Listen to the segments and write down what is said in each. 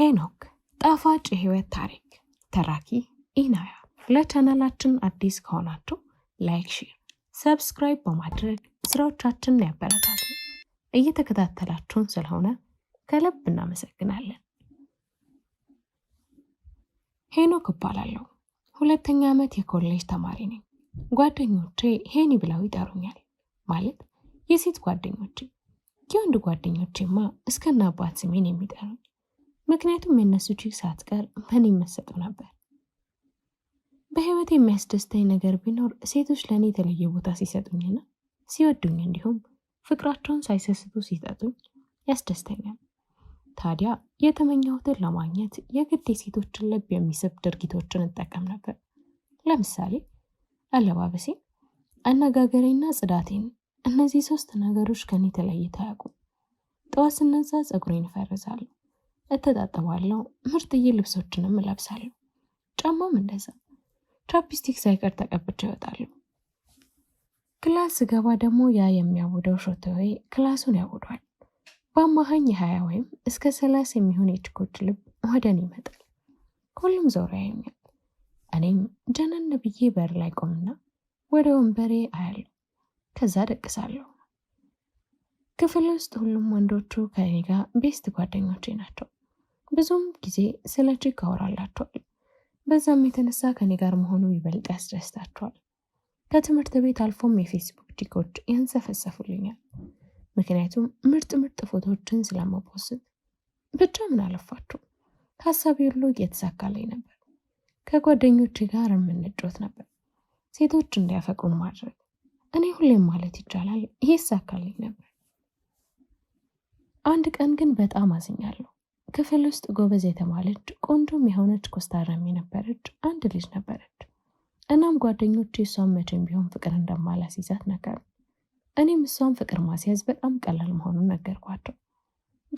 ሄኖክ ጣፋጭ የህይወት ታሪክ ተራኪ ኢናያ። ለቻናላችን አዲስ ከሆናችሁ ላይክ፣ ሼር፣ ሰብስክራይብ በማድረግ ስራዎቻችንን ያበረታቱ። እየተከታተላችሁን ስለሆነ ከልብ እናመሰግናለን። ሄኖክ እባላለሁ። ሁለተኛ ዓመት የኮሌጅ ተማሪ ነኝ። ጓደኞቼ ሄኒ ብለው ይጠሩኛል። ማለት የሴት ጓደኞቼ፣ የወንድ ጓደኞቼማ እስከነ አባት ስሜን የሚጠሩኝ ምክንያቱም የእነሱ እጅግ ሳትቀር ምን ይመሰጡ ነበር። በህይወት የሚያስደስተኝ ነገር ቢኖር ሴቶች ለእኔ የተለየ ቦታ ሲሰጡኝና ሲወዱኝ እንዲሁም ፍቅራቸውን ሳይሰስቱ ሲጠጡኝ ያስደስተኛል። ታዲያ የተመኘሁትን ለማግኘት የግድ የሴቶችን ልብ የሚስብ ድርጊቶችን እጠቀም ነበር። ለምሳሌ አለባበሴን፣ አነጋገሬና ጽዳቴን። እነዚህ ሶስት ነገሮች ከኔ ተለይተው አያውቁም። ጠዋት ስነሳ ፀጉሬን እፈርዛለሁ። እተጣጥባለሁ፣ ምርጥዬ ልብሶችንም እለብሳለሁ። ጫማም እንደዛ ቻፕስቲክ ሳይቀር ተቀብቼ ይወጣሉ። ክላስ ስገባ ደግሞ ያ የሚያውደው ሾተዌ ክላሱን ያውዷል። በአማካኝ የሀያ ወይም እስከ ሰላሳ የሚሆን የችኮች ልብ ወደን ይመጣል። ሁሉም ዞሮ ያየኛል። እኔም ጀነን ብዬ በር ላይ ቆምና ወደ ወንበሬ አያለሁ። ከዛ ደቅሳለሁ። ክፍል ውስጥ ሁሉም ወንዶቹ ከኔ ጋር ቤስት ጓደኞቼ ናቸው። ብዙም ጊዜ ስለ እጅግ አወራላቸዋል። በዛም የተነሳ ከኔ ጋር መሆኑ ይበልጥ ያስደስታቸዋል። ከትምህርት ቤት አልፎም የፌስቡክ ጂኮች ያንሰፈሰፉልኛል። ምክንያቱም ምርጥ ምርጥ ፎቶዎችን ስለመፖስት ብቻ ምን አለፋቸው ከሀሳቢ ሁሉ እየተሳካልኝ ነበር። ከጓደኞች ጋር የምንጮት ነበር። ሴቶች እንዲያፈቅሩን ማድረግ እኔ ሁሌም ማለት ይቻላል ይሳካልኝ ነበር። አንድ ቀን ግን በጣም አዝኛለሁ። ክፍል ውስጥ ጎበዝ የተባለች ቆንጆም የሆነች ኮስታራም የነበረች አንድ ልጅ ነበረች። እናም ጓደኞች እሷን መቼም ቢሆን ፍቅር እንደማላስይዛት ነገሩ። እኔም እሷን ፍቅር ማስያዝ በጣም ቀላል መሆኑን ነገርኳቸው።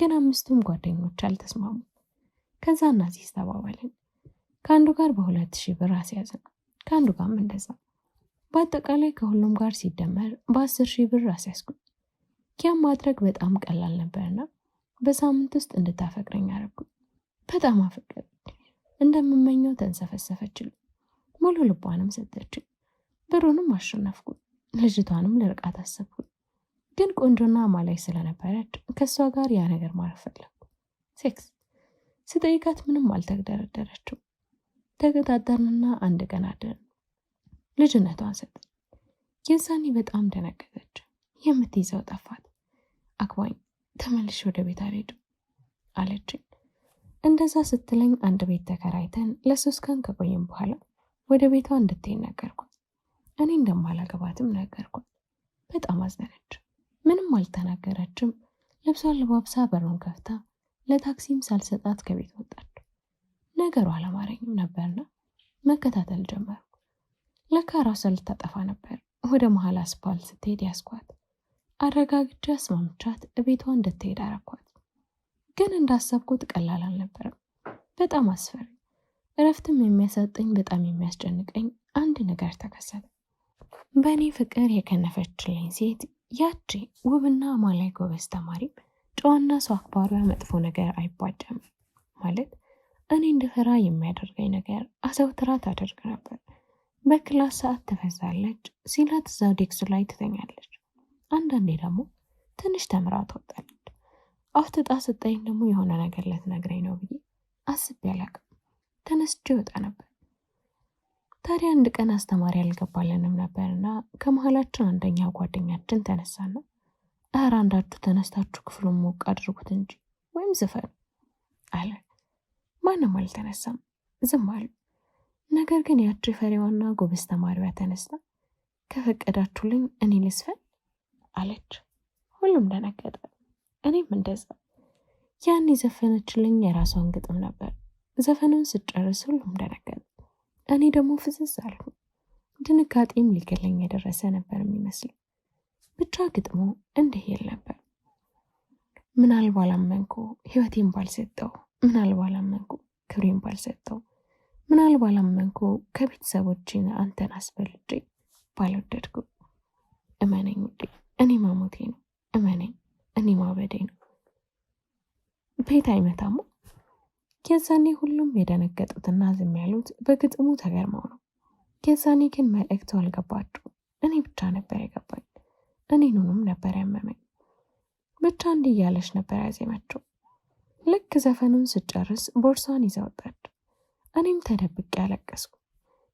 ግን አምስቱም ጓደኞች አልተስማሙ። ከዛ እናዚህ ተባባልን። ከአንዱ ጋር በሁለት ሺህ ብር አስያዝን፣ ከአንዱ ጋርም እንደዛ። በአጠቃላይ ከሁሉም ጋር ሲደመር በአስር ሺህ ብር አስያዝኩኝ። ኪያም ማድረግ በጣም ቀላል ነበርና በሳምንት ውስጥ እንድታፈቅረኝ አደረኩኝ። በጣም አፈቀር እንደምመኘው ተንሰፈሰፈችል ሙሉ ልቧንም ሰጠች ብሩንም አሸነፍኩ ልጅቷንም ልርቃት አሰብኩ ግን ቆንጆና ማላይ ስለነበረች ከእሷ ጋር ያ ነገር ማረፍ ፈለግኩ። ሴክስ ስጠይቃት ምንም አልተደረደረችው ተገዳደርንና አንድ ቀን አደርን። ልጅነቷን ሰጠ። የዛኔ በጣም ደነገጠች። የምትይዘው ጠፋት። አክባኝ ተመልሼ ወደ ቤት አልሄድም አለችኝ። እንደዛ ስትለኝ አንድ ቤት ተከራይተን ለሶስት ቀን ከቆየም በኋላ ወደ ቤቷ እንድትሄድ ነገርኳት። እኔ እንደማላገባትም ነገርኳት። በጣም አዘነች። ምንም አልተናገረችም። ልብሷን ለባብሳ በሩን ከፍታ ለታክሲም ሳልሰጣት ከቤት ወጣች። ነገሩ አላማረኝም ነበርና መከታተል ጀመርኩ። ለካ ራሷ ልታጠፋ ነበር። ወደ መሀል አስፓልት ስትሄድ ያስኳት። አረጋግቼ አስማምቻት እቤቷ እንድትሄድ አረኳት። ግን እንዳሰብኩት ቀላል አልነበረም። በጣም አስፈሪ፣ እረፍትም የሚያሳጠኝ በጣም የሚያስጨንቀኝ አንድ ነገር ተከሰተ። በእኔ ፍቅር የከነፈችልኝ ሴት ያቺ ውብና ማላይ ጎበዝ ተማሪ ጨዋና ሰው አክባሪዋ መጥፎ ነገር አይቧደም ማለት እኔ እንድፈራ የሚያደርገኝ ነገር አዘውትራ ታደርግ ነበር። በክላስ ሰዓት ትፈዛለች፣ ሲላት እዛው ዴክሱ ላይ ትተኛለች። አንዳንዴ ደግሞ ትንሽ ተምራ ትወጣለች። አፍትጣ ስጠኝ ደግሞ የሆነ ነገር ልትነግረኝ ነው ብዬ አስቤ አላቅም። ተነስቼ ወጣ ነበር። ታዲያ አንድ ቀን አስተማሪ አልገባልንም ነበርና ከመሀላችን አንደኛ ጓደኛችን ተነሳና ኧረ አንዳችሁ ተነስታችሁ ክፍሉን ሞቅ አድርጉት እንጂ ወይም ዝፈኑ አለ። ማንም አልተነሳም፣ ዝም አሉ። ነገር ግን ያቺ ፈሪዋና ጎበዝ ተማሪዋ ተነስታ ከፈቀዳችሁልኝ እኔ ልስፈን አለች። ሁሉም ደነገጠ፣ እኔም እንደዛ። ያን የዘፈነችልኝ የራሷን ግጥም ነበር። ዘፈኑን ስጨርስ ሁሉም ደነገጠ፣ እኔ ደግሞ ፍዝዝ አልኩ። ድንጋጤም ሊገለኝ የደረሰ ነበር የሚመስል። ብቻ ግጥሙ እንዲህ ይል ነበር ምናል ባላመንኩ ህይወቴን ባልሰጠው፣ ምናል ባላመንኩ ክብሬን ባልሰጠው፣ ምናል ባላመንኩ ከቤተሰቦችን አንተን አስበልጬ ባልወደድኩ እመነኝ ውዴ። እኔ መሞቴ ነው። እመነኝ፣ እኔ ማበዴ ነው። ቤት አይመታማ። የዛኔ ሁሉም የደነገጡትና ዝም ያሉት በግጥሙ ተገርመው ነው። የዛኔ ግን መልእክቱ አልገባችሁ። እኔ ብቻ ነበር የገባኝ። እኔኑንም ነበር ያመመኝ። ብቻ እንዲህ እያለች ነበር ያዜመችው። ልክ ዘፈኑን ስጨርስ ቦርሷን ይዛ ወጣች። እኔም ተደብቄ ያለቀስኩ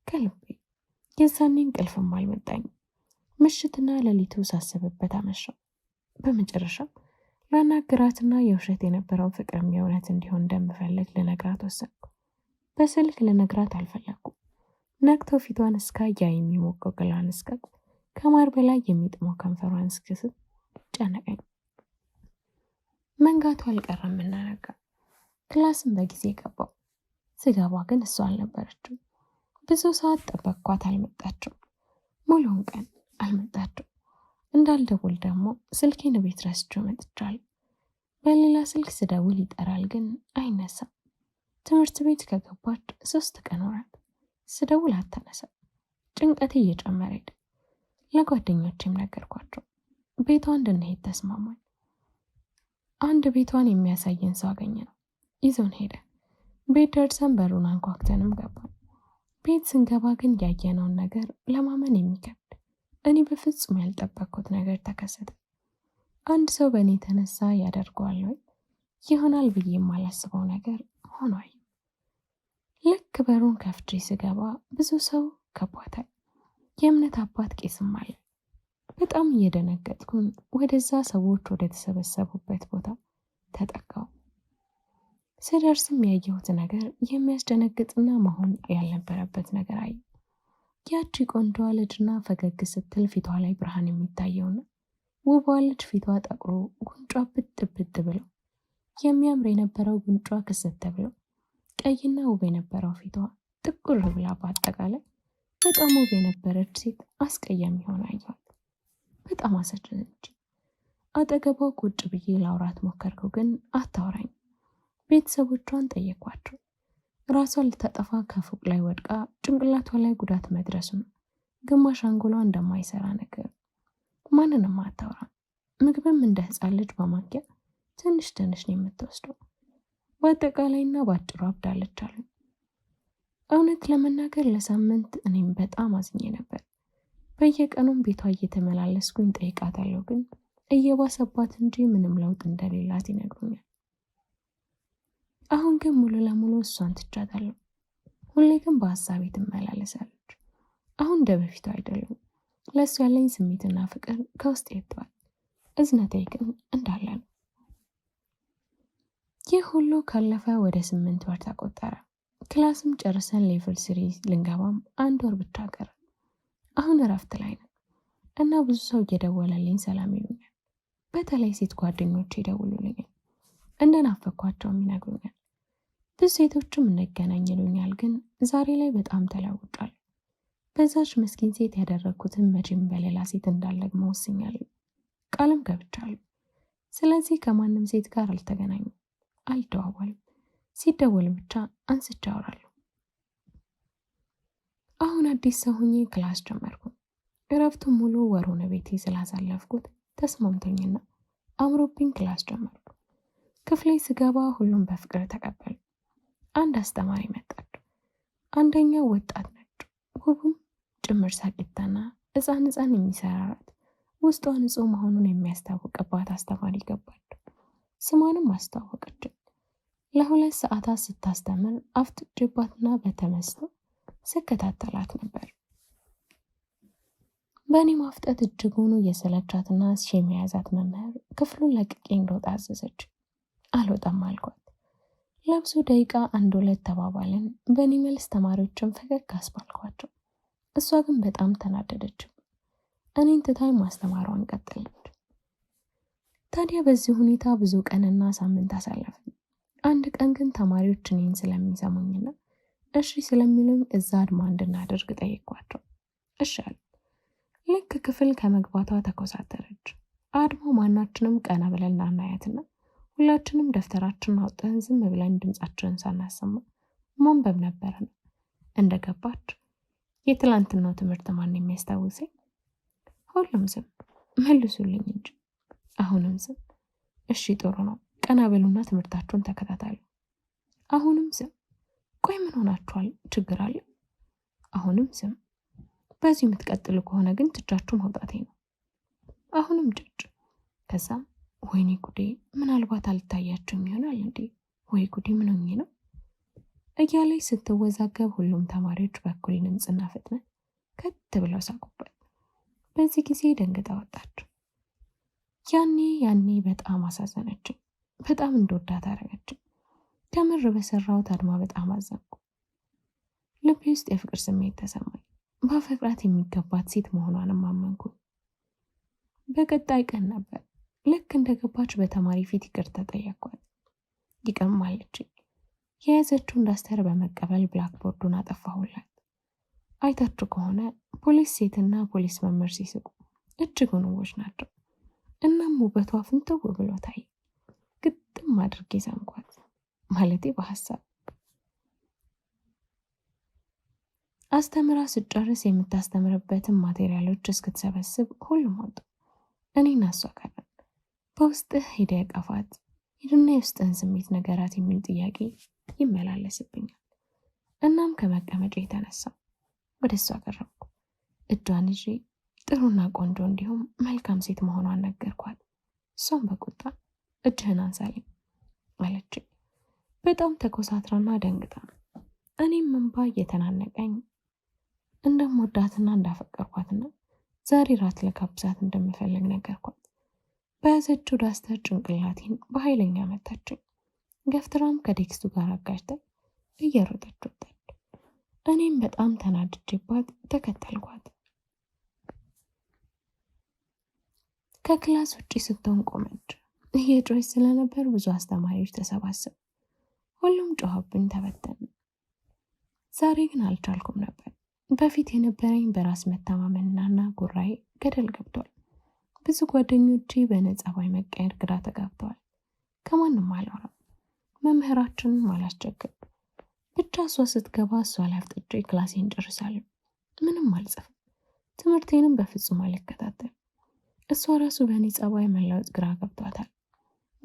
ከልቤ። የዛኔ እንቅልፍም አልመጣኝም። ምሽትና ሌሊቱ ሳስብበት አመሻው። በመጨረሻም ላናግራትና የውሸት የነበረው ፍቅርም የእውነት እንዲሆን እንደምፈልግ ልነግራት ወሰንኩ። በስልክ ልነግራት አልፈለግኩ። ነግቶ ፊቷን እስካ ያ የሚሞቀው ቅላን እስከቅ ከማር በላይ የሚጥመው ከንፈሯን እስክስብ ጨነቀኝ። መንጋቱ አልቀረም እናነጋ ክላስም በጊዜ ገባው። ስገባ ግን እሷ አልነበረችም። ብዙ ሰዓት ጠበቅኳት፣ አልመጣችም። ሙሉውን ቀን አልመጣችም። እንዳልደውል ደግሞ ስልኬን ቤት ረስቼው መጥቻለሁ። በሌላ ስልክ ስደውል ይጠራል፣ ግን አይነሳም። ትምህርት ቤት ከገባች ሶስት ቀን ወራት ስደውል አታነሳም። ጭንቀቴ እየጨመረ ሄደ። ለጓደኞቼም ነገርኳቸው። ቤቷ እንድንሄድ ተስማማኝ። አንድ ቤቷን የሚያሳየን ሰው አገኘ ነው ይዞን ሄደ። ቤት ደርሰን በሩን አንኳኩተንም ገባል። ቤት ስንገባ ግን ያየነውን ነገር ለማመን የሚከብድ እኔ በፍጹም ያልጠበቅኩት ነገር ተከሰተ። አንድ ሰው በእኔ የተነሳ ያደርገዋል ወይ ይሆናል ብዬ የማላስበው ነገር ሆኗል። ልክ በሩን ከፍቼ ስገባ ብዙ ሰው ከቧታል። የእምነት አባት ቄስም አለ። በጣም እየደነገጥኩን ወደዛ ሰዎች ወደ ተሰበሰቡበት ቦታ ተጠጋው። ስደርስም ያየሁት ነገር የሚያስደነግጥና መሆን ያልነበረበት ነገር አየ። ያቺ ቆንጆዋ ልጅና ፈገግ ስትል ፊቷ ላይ ብርሃን ነው። ውቧ ልጅ ፊቷ ጠቁሮ ጉንጯ ብጥ ብጥ ብሎ የሚያምር የነበረው ጉንጯ ክስት ብሎ ቀይና ውብ የነበረው ፊቷ ጥቁር ብላ በአጠቃላይ በጣም ውብ የነበረች ሴት አስቀያሚ ሆና አየኋት። በጣም አሰጨነች። አጠገቧ ቁጭ ብዬ ላውራት ሞከርኩ፣ ግን አታውራኝ። ቤተሰቦቿን ጠየኳቸው። ራሷን ልታጠፋ ከፎቅ ላይ ወድቃ ጭንቅላቷ ላይ ጉዳት መድረሱን ግማሽ አንጎሏ እንደማይሰራ ነገር ማንንም አታውራ። ምግብም እንደ ሕፃን ልጅ በማንኪያ ትንሽ ትንሽ ነው የምትወስደው። በአጠቃላይና በአጭሩ አብዳለች አሉ። እውነት ለመናገር ለሳምንት እኔም በጣም አዝኜ ነበር። በየቀኑም ቤቷ እየተመላለስኩኝ ጠይቃታለሁ፣ ግን እየባሰባት እንጂ ምንም ለውጥ እንደሌላት ይነግሩኛል። አሁን ግን ሙሉ ለሙሉ እሷን ትቻታለሁ። ሁሌ ግን በሀሳቤ ትመላለሳለች። አሁን እንደ በፊቱ አይደለም። ለእሱ ያለኝ ስሜትና ፍቅር ከውስጥ የጥዋል። እዝነቴ ግን እንዳለ ነው። ይህ ሁሉ ካለፈ ወደ ስምንት ወር ተቆጠረ። ክላስም ጨርሰን ሌቭል ስሪ ልንገባም አንድ ወር ብቻ ቀረ። አሁን እረፍት ላይ ነው እና ብዙ ሰው እየደወለልኝ ሰላም ይሉኛል። በተለይ ሴት ጓደኞች ይደውሉልኛል፣ እንደናፈኳቸውም ይነግሩኛል። ብዙ ሴቶችም እንገናኝ ይሉኛል። ግን ዛሬ ላይ በጣም ተለውጧል። በዛች ምስኪን ሴት ያደረግኩትን መቼም በሌላ ሴት እንዳለግ ወስኛለሁ፣ ቃልም ገብቻለሁ። ስለዚህ ከማንም ሴት ጋር አልተገናኙም፣ አልደዋወልም። ሲደወል ብቻ አንስቼ አወራለሁ። አሁን አዲስ ሰው ሆኜ ክላስ ጀመርኩ። እረፍቱን ሙሉ ወሩን ቤቴ ስላሳለፍኩት ተስማምቶኝና አምሮብኝ ክላስ ጀመርኩ። ክፍሌ ስገባ ሁሉም በፍቅር ተቀበሉ። አንድ አስተማሪ መጣች። አንደኛው ወጣት ነች፣ ውብም ጭምር ሳቂታና ህፃን ህፃን የሚሰራራት ውስጧ ንጹሕ መሆኑን የሚያስታውቅባት አስተማሪ ገባች። ስሟንም አስተዋወቀችን። ለሁለት ሰዓታት ስታስተምር አፍጥጬባትና በተመስጦ ስከታተላት ነበር። በእኔ ማፍጠት እጅጉን የሰለቻትና ሺ መምህር ክፍሉን ለቅቄ እንደወጣ አዘዘች። አልወጣም አልኳት። ለብዙ ደቂቃ አንድ ሁለት ተባባልን። በእኔ መልስ ተማሪዎችን ፈገግ አስባልኳቸው። እሷ ግን በጣም ተናደደችው። እኔን ትታይ ማስተማሯን ቀጠለች። ታዲያ በዚህ ሁኔታ ብዙ ቀንና ሳምንት አሳለፍን። አንድ ቀን ግን ተማሪዎች እኔን ስለሚሰሙኝና እሺ ስለሚሉኝ እዛ አድማ እንድናደርግ ጠየኳቸው። እሺ አሉ። ልክ ክፍል ከመግባቷ ተኮሳተረች። አድማው ማናችንም ቀና ብለን ናናያትና ሁላችንም ደብተራችንን አውጥተን ዝም ብለን ድምፃችንን ሳናሰማ ማንበብ ነበረ ነው። እንደገባች የትላንትናው ትምህርት ማን የሚያስታውሰኝ? ሁሉም ዝም መልሱልኝ እንጂ አሁንም ዝም። እሺ ጥሩ ነው፣ ቀና በሉና ትምህርታችሁን ተከታተሉ። አሁንም ዝም። ቆይ ምን ሆናችኋል? ችግር አለ? አሁንም ዝም። በዚህ የምትቀጥሉ ከሆነ ግን ትጃችሁ ማውጣቴ ነው። አሁንም ጭጭ ከዛም ወይኔ ጉዴ፣ ምናልባት አልታያቸውም ይሆናል እንዴ? ወይ ጉዴ፣ ምን ሆኜ ነው እያለች ስትወዛገብ፣ ሁሉም ተማሪዎች በኩል ንምፅና ፍጥነት ከት ብለው ሳቁበት። በዚህ ጊዜ ደንግጣ ወጣች። ያኔ ያኔ በጣም አሳዘነችኝ። በጣም እንደወዳት አረገችኝ። ከምር በሰራሁት አድማ በጣም አዘንኩ። ልቤ ውስጥ የፍቅር ስሜት ተሰማኝ። ባፈቅራት የሚገባት ሴት መሆኗንም አመንኩ። በቀጣይ ቀን ነበር ልክ እንደገባች በተማሪ ፊት ይቅርታ ጠየኳት። አለች። የያዘችውን ዳስተር በመቀበል ብላክቦርዱን አጠፋሁላት። አይታችሁ ከሆነ ፖሊስ ሴትና ፖሊስ መምህር ሲስቁ እጅጉን ውቦች ናቸው። እናም ውበቷ ፍንትው ብሎ ታየ። ግጥም አድርጌ ሳምኳት፣ ማለቴ በሀሳብ አስተምራ ስጨርስ የምታስተምርበትን ማቴሪያሎች እስክትሰበስብ ሁሉም ወጡ። እናሷ እሷ በውስጥህ ሄደ ያቀፋት ሂድና የውስጥህን ስሜት ነገራት የሚል ጥያቄ ይመላለስብኛል። እናም ከመቀመጫ የተነሳ ወደ እሷ አቀረብኩ። እጇን ይዤ ጥሩና ቆንጆ እንዲሁም መልካም ሴት መሆኗን ነገርኳት። እሷም በቁጣ እጅህን አንሳልኝ አለች። በጣም ተኮሳትራና ደንግጣ እኔም እንባ እየተናነቀኝ እንደምወዳትና እንዳፈቀርኳትና ዛሬ ራት ለጋብዛት እንደምፈልግ ነገርኳት። በያዘችው ዳስተር ጭንቅላቴን በኃይለኛ መታችኝ። ገፍትራም ከዴክስቱ ጋር አጋጭተ እየሮጠች ወጣች። እኔም በጣም ተናድጄባት ተከተልኳት። ከክላስ ውጪ ስትሆን ቆመች። እየጮች ስለነበር ብዙ አስተማሪዎች ተሰባሰቡ። ሁሉም ጮኸብኝ፣ ተበተን። ዛሬ ግን አልቻልኩም ነበር። በፊት የነበረኝ በራስ መተማመንና ጉራዬ ገደል ገብቷል። ብዙ ጓደኞቼ ባይ መቀየር ግራ ተጋብተዋል። ከማንም አላወራም። መምህራችን አላስቸግር። ብቻ እሷ ስትገባ እሷ ላፍጥጬ ክላሴን ጨርሳለሁ። ምንም አልጽፍም፣ ትምህርቴንም በፍጹም አልከታተል። እሷ ራሱ በእኔ ጸባይ መለወጥ ግራ ገብቷታል።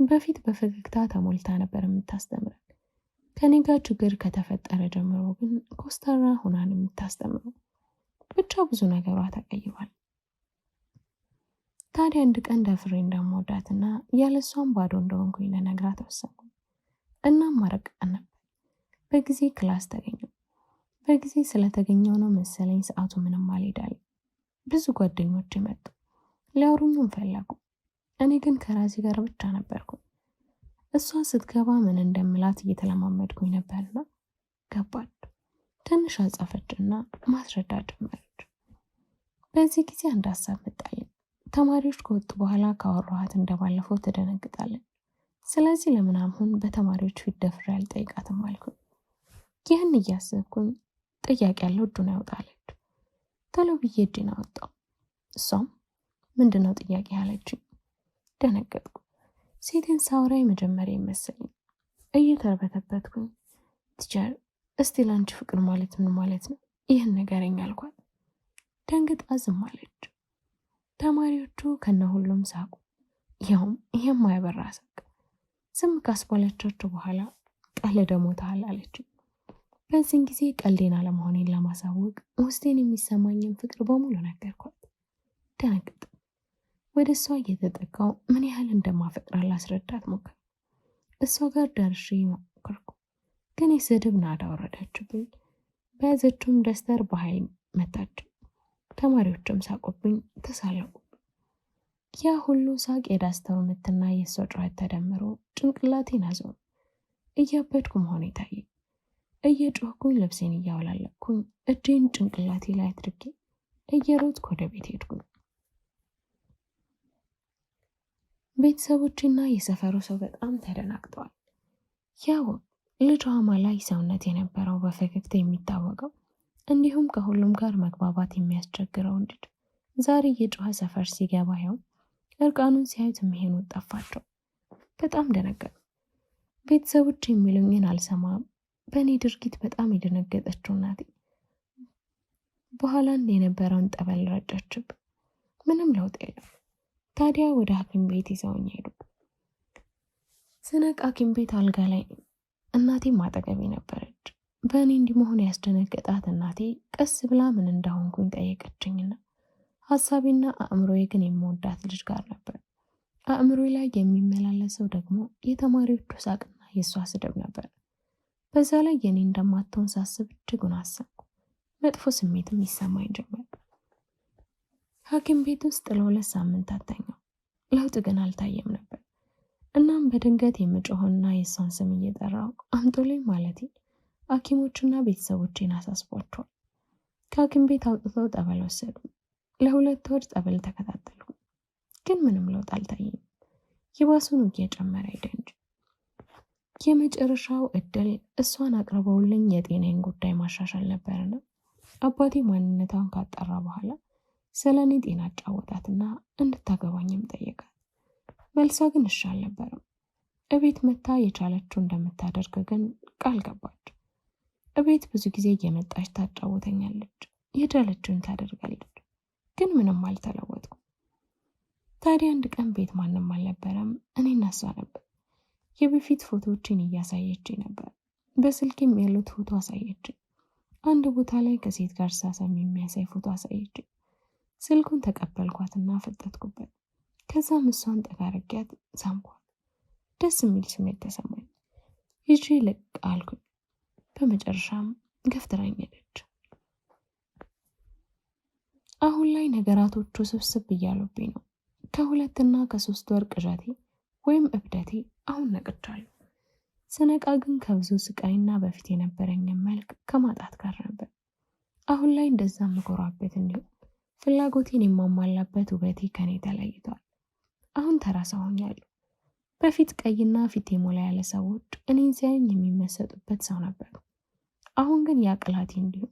በፊት በፈገግታ ተሞልታ ነበር የምታስተምረን። ከኔ ጋር ችግር ከተፈጠረ ጀምሮ ግን ኮስተራ ሆናን የምታስተምረው። ብቻ ብዙ ነገሯ ተቀይሯል። ታዲያ አንድ ቀን ደፍሬ እንደምወዳትና ያለሷን ባዶ እንደሆንኩኝ ልነግራት ወሰንኩ። እናም አረቃን ነበር። በጊዜ ክላስ ተገኘው። በጊዜ ስለተገኘው ነው መሰለኝ ሰዓቱ ምንም አልሄዳለኝ። ብዙ ጓደኞች መጡ፣ ሊያወሩኝም ፈለጉ። እኔ ግን ከራሴ ጋር ብቻ ነበርኩ። እሷ ስትገባ ምን እንደምላት እየተለማመድኩኝ ነበርና ገባች። ትንሽ አጻፈችና ማስረዳት ጀመረች። በዚህ ጊዜ አንድ ሀሳብ መጣልኝ። ተማሪዎች ከወጡ በኋላ ካወራኋት እንደባለፈው ትደነግጣለች። ስለዚህ ለምን አሁን በተማሪዎቹ ፊት ደፍሬ አልጠይቃትም አልኩኝ። ይህን እያሰብኩኝ ጥያቄ ያለው እጁን ያውጣለች። ቶሎ ብዬ እጄን አወጣው። እሷም ምንድን ነው ጥያቄ አለችኝ። ደነገጥኩ። ሴቴን ሳውራ መጀመሪያ ይመስለኝ እየተርበተበትኩኝ፣ ቲቸር እስቲ ለአንቺ ፍቅር ማለት ምን ማለት ነው? ይህን ንገረኝ አልኳት። ደንግጣ ዝም አለች። ተማሪዎቹ ከነ ሁሉም ሳቁ። ይኸውም የማያበራ ሳቅ። ዝም ካስባለቻቸው በኋላ ቀልድ ሞታል አለችው። በዚህን ጊዜ ቀልዴን አለመሆኔን ለማሳወቅ ውስጤን የሚሰማኝን ፍቅር በሙሉ ነገርኳት። ደነግጥ ወደ እሷ እየተጠጋው ምን ያህል እንደማፈቅራ ላስረዳት ሞከር። እሷ ጋር ደርሼ ሞከርኩ፣ ግን የስድብ ናዳ ወረዳችብኝ። በያዘችውም ደስተር በኃይል መታችው። ተማሪዎቹም ሳቁብኝ፣ ተሳለቁ። ያ ሁሉ ሳቅ የዳስተሩ ምትና የሰው ጩኸት ተደምሮ ጭንቅላቴን አዞ እያበድኩ መሆኑ ይታየ እየጮህኩኝ ልብሴን እያወላለቅኩኝ እጄን ጭንቅላቴ ላይ አድርጌ እየሮጥኩ ወደ ቤት ሄድኩኝ። ቤተሰቦችና የሰፈሩ ሰው በጣም ተደናግጠዋል። ያው ልጇ አማላይ ሰውነት የነበረው በፈገግታ የሚታወቀው እንዲሁም ከሁሉም ጋር መግባባት የሚያስቸግረው ልጅ ዛሬ የጮኸ ሰፈር ሲገባ ያው እርቃኑን ሲያዩት መሄኑ ጠፋቸው። በጣም ደነገጡ። ቤተሰቦች የሚሉኝን አልሰማም። በእኔ ድርጊት በጣም የደነገጠችው እናቴ በኋላን የነበረውን ጠበል ረጨችብ ምንም ለውጥ የለም። ታዲያ ወደ ሐኪም ቤት ይዘውኝ ሄዱ። ስነቅ ሐኪም ቤት አልጋ ላይ እናቴም አጠገቤ ነበረች። በእኔ እንዲህ መሆን ያስደነገጣት እናቴ ቀስ ብላ ምን እንዳሆንኩኝ ጠየቀችኝና ሀሳቤና አእምሮዬ ግን የምወዳት ልጅ ጋር ነበር። አእምሮ ላይ የሚመላለሰው ደግሞ የተማሪዎቹ ሳቅና የእሷ ስድብ ነበር። በዛ ላይ የእኔ እንደማትሆን ሳስብ እጅጉን አሰብኩ። መጥፎ ስሜትም ይሰማኝ ጀመር። ሐኪም ቤት ውስጥ ለሁለት ሳምንታት ተኛው። ለውጥ ግን አልታየም ነበር። እናም በድንገት የምጮሆንና የእሷን ስም እየጠራው አምጦልኝ ማለቴ ሐኪሞቹና ቤተሰቦቼን አሳስቧቸዋል። ከሐኪም ቤት አውጥተው ጠበል ወሰዱ። ለሁለት ወር ጠበል ተከታተልኩ፣ ግን ምንም ለውጥ አልታየም። የባሱን እየጨመረ ሄደ እንጂ። የመጨረሻው እድል እሷን አቅርበውልኝ የጤናዬን ጉዳይ ማሻሻል ነበርና አባቴ ማንነቷን ካጠራ በኋላ ስለ እኔ ጤና አጫወታትና እንድታገባኝም ጠየቃት። መልሷ ግን እሺ አልነበረም። እቤት መታ የቻለችው እንደምታደርግ ግን ቃል ገባች። እቤት ብዙ ጊዜ እየመጣች ታጫወተኛለች፣ የቻለችውን ታደርጋለች። ግን ምንም አልተለወጥኩም። ታዲያ አንድ ቀን ቤት ማንም አልነበረም፣ እኔ እናሷ ነበር። የበፊት ፎቶዎችን እያሳየች ነበር። በስልክም ያሉት ፎቶ አሳየች። አንድ ቦታ ላይ ከሴት ጋር ሳሰም የሚያሳይ ፎቶ አሳየች። ስልኩን ተቀበልኳትና ፈጠጥኩበት። ከዛም እሷን ጠጋረጊያት ሳምኳት። ደስ የሚል ስሜት ተሰማኝ። ይዤ ልቅ አልኩኝ። በመጨረሻም ገፍትራኝ ሄደች። አሁን ላይ ነገራቶቹ ስብስብ እያሉብኝ ነው። ከሁለትና ከሶስት ወር ቅዠቴ ወይም እብደቴ አሁን ነቅቻለሁ። ስነቃ ግን ከብዙ ስቃይና በፊት የነበረኝን መልክ ከማጣት ጋር ነበር። አሁን ላይ እንደዛ የምኮራበት እንዲሁም ፍላጎቴን የማሟላበት ውበቴ ከኔ ተለይቷል። አሁን ተራ ሰው ሆኛለሁ። በፊት ቀይና ፊቴ ሞላ ያለ ሰዎች እኔን ሲያዩኝ የሚመሰጡበት ሰው ነበሩ። አሁን ግን ያ እንዲሁም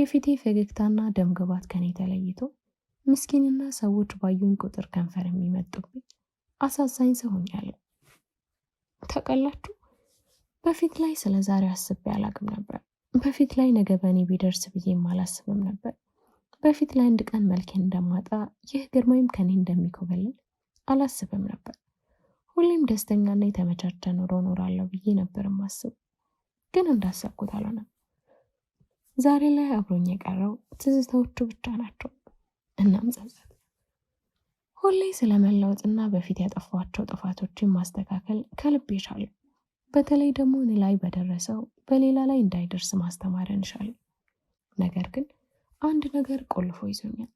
የፊቴ ፈገግታና ደምግባት ከኔ ተለይቶ ምስኪንና ሰዎች ባዩኝ ቁጥር ከንፈር የሚመጡብኝ አሳዛኝ ሰው ሆኛለሁ። ታውቃላችሁ በፊት ላይ ስለ ዛሬ አስቤ አላቅም ነበር። በፊት ላይ ነገ በእኔ ቢደርስ ብዬም አላስብም ነበር። በፊት ላይ አንድ ቀን መልኬን እንደማጣ ይህ ግርማይም ከኔ እንደሚኮበልል አላስብም ነበር። ሁሌም ደስተኛና የተመቻቸ ኑሮ እኖራለሁ ብዬ ነበር ማስብ። ግን እንዳሰብኩት አልሆነም። ዛሬ ላይ አብሮኝ የቀረው ትዝታዎቹ ብቻ ናቸው። እናም ጸጸት ሁሌ ስለመለወጥና በፊት ያጠፏቸው ጥፋቶችን ማስተካከል ከልብ ይሻሉ። በተለይ ደግሞ እኔ ላይ በደረሰው በሌላ ላይ እንዳይደርስ ማስተማርን ይሻለሁ። ነገር ግን አንድ ነገር ቆልፎ ይዞኛል።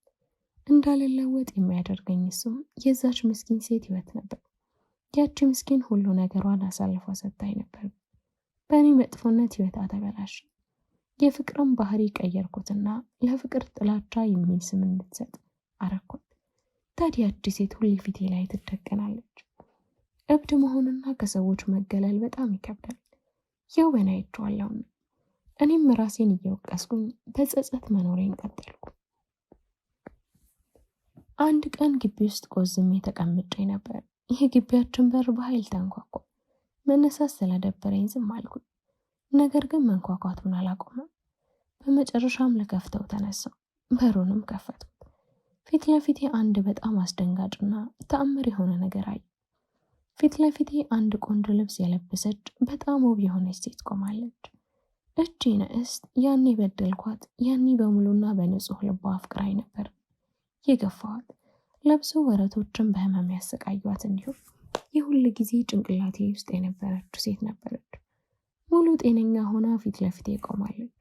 እንዳልለወጥ የሚያደርገኝ እሱም የዛች ምስኪን ሴት ይወት ነበር። ያቺ ምስኪን ሁሉ ነገሯን አሳልፏ ሰጥታኝ ነበር። በእኔ መጥፎነት ህይወታ ተበላሸ። የፍቅርን ባህሪ ቀየርኩትና ለፍቅር ጥላቻ የሚል ስም እንድትሰጥ አረኳት። ታዲያ አዲስ ሴት ሁሌ ፊቴ ላይ ትደቀናለች። እብድ መሆንና ከሰዎች መገለል በጣም ይከብዳል። የውበን አይቼዋለሁና እኔም ራሴን እየወቀስኩኝ በጸጸት መኖሬን ቀጠልኩ። አንድ ቀን ግቢ ውስጥ ቆዝሜ ተቀምጬ ነበር። ይህ ግቢያችን በር በኃይል ተንኳኳ። መነሳት ስለደበረኝ ዝም አልኩኝ። ነገር ግን መንኳኳቱን አላቆመም። በመጨረሻም ልከፍተው ተነሳው፣ በሩንም ከፈትኩት። ፊት ለፊቴ አንድ በጣም አስደንጋጭና ተአምር የሆነ ነገር አየ። ፊት ለፊቴ አንድ ቆንጆ ልብስ የለበሰች በጣም ውብ የሆነች ሴት ቆማለች። እቺ ንዕስት ያኔ በደልኳት፣ ያኔ በሙሉና በንጹህ ልቧ አፍቅራኝ ነበር። የገፋዋት ለብሶ ወረቶችን በህመም ያሰቃዩት እንዲሁም የሁል ጊዜ ጭንቅላቴ ውስጥ የነበረችው ሴት ነበረች። ሙሉ ጤነኛ ሆና ፊት ለፊቴ ቆማለች።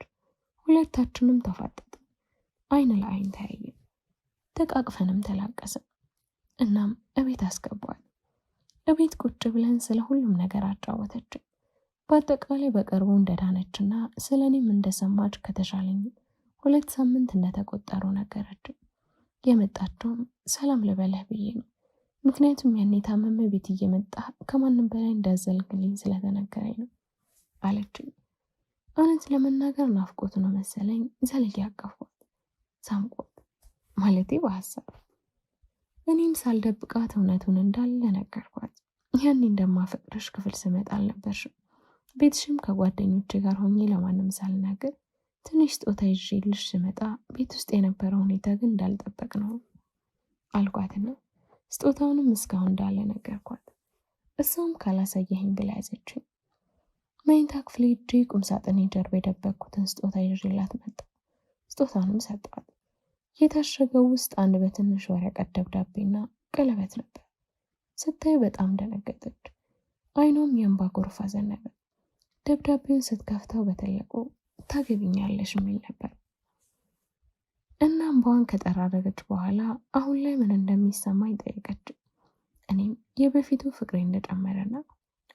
ሁለታችንም ተፋጠጥ፣ አይን ለአይን ተያየ፣ ተቃቅፈንም ተላቀሰ። እናም እቤት አስገባል። እቤት ቁጭ ብለን ስለ ሁሉም ነገር አጫወተች። በአጠቃላይ በቅርቡ እንደዳነች እና ስለ እኔም እንደሰማች ከተሻለኝ ሁለት ሳምንት እንደተቆጠሩ ነገረች። የመጣችውም ሰላም ልበለህ ብዬ ነው። ምክንያቱም ያኔ ታመመ ቤት እየመጣ ከማንም በላይ እንዳዘልግልኝ ስለተነገረኝ ነው አለችኝ። እውነት ለመናገር ናፍቆት ነው መሰለኝ ዘልጌ አቀፏት፣ ሳምቆት ማለቴ በሀሳብ እኔም ሳልደብቃት እውነቱን እንዳለ ነገርኳት። ያኔ እንደማፈቅርሽ ክፍል ስመጣ አልነበርሽም። ቤትሽም ከጓደኞች ጋር ሆኜ ለማንም ሳልናገር ትንሽ ስጦታ ይዤልሽ ስመጣ ቤት ውስጥ የነበረው ሁኔታ ግን እንዳልጠበቅ ነው አልኳትና ስጦታውንም እስካሁን እንዳለ ነገርኳት። እሷም ካላሳየህኝ ብላ ያዘችኝ። መኝታ ክፍሌ ቁም ቁምሳጥን ጀርባ የደበቅኩትን ስጦታ ይዤላት መጣ። ስጦታውንም ሰጠዋት። የታሸገው ውስጥ አንድ በትንሽ ወረቀት ደብዳቤና ቀለበት ነበር። ስታዩ በጣም ደነገጠች። አይኗም የእንባ ጎርፍ አዘነበ። ደብዳቤውን ስትከፍተው በትልቁ ታገቢኛለሽ የሚል ነበር። እናም በዋን ከጠራረገች በኋላ አሁን ላይ ምን እንደሚሰማኝ ጠየቀች። እኔም የበፊቱ ፍቅሬ እንደጨመረና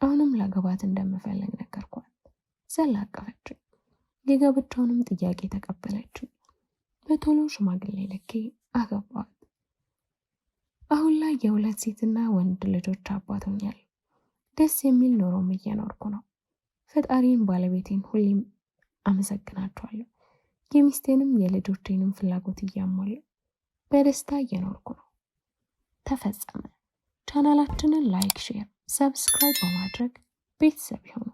አሁንም ላገባት እንደምፈልግ ነገርኳት። ዘላቀፈች የጋብቻውንም ጥያቄ ተቀበለችው። በቶሎ ሽማግሌ ልኬ አገባዋት። አሁን ላይ የሁለት ሴትና ወንድ ልጆች አባት ሆኛለሁ። ደስ የሚል ኑሮም እየኖርኩ ነው። ፈጣሪን ባለቤቴን ሁሌም አመሰግናቸዋለሁ። የሚስቴንም የልጆቼንም ፍላጎት እያሟላ በደስታ እየኖርኩ ነው። ተፈጸመ። ቻናላችንን ላይክ፣ ሼር፣ ሰብስክራይብ በማድረግ ቤተሰብ ይሁኑ።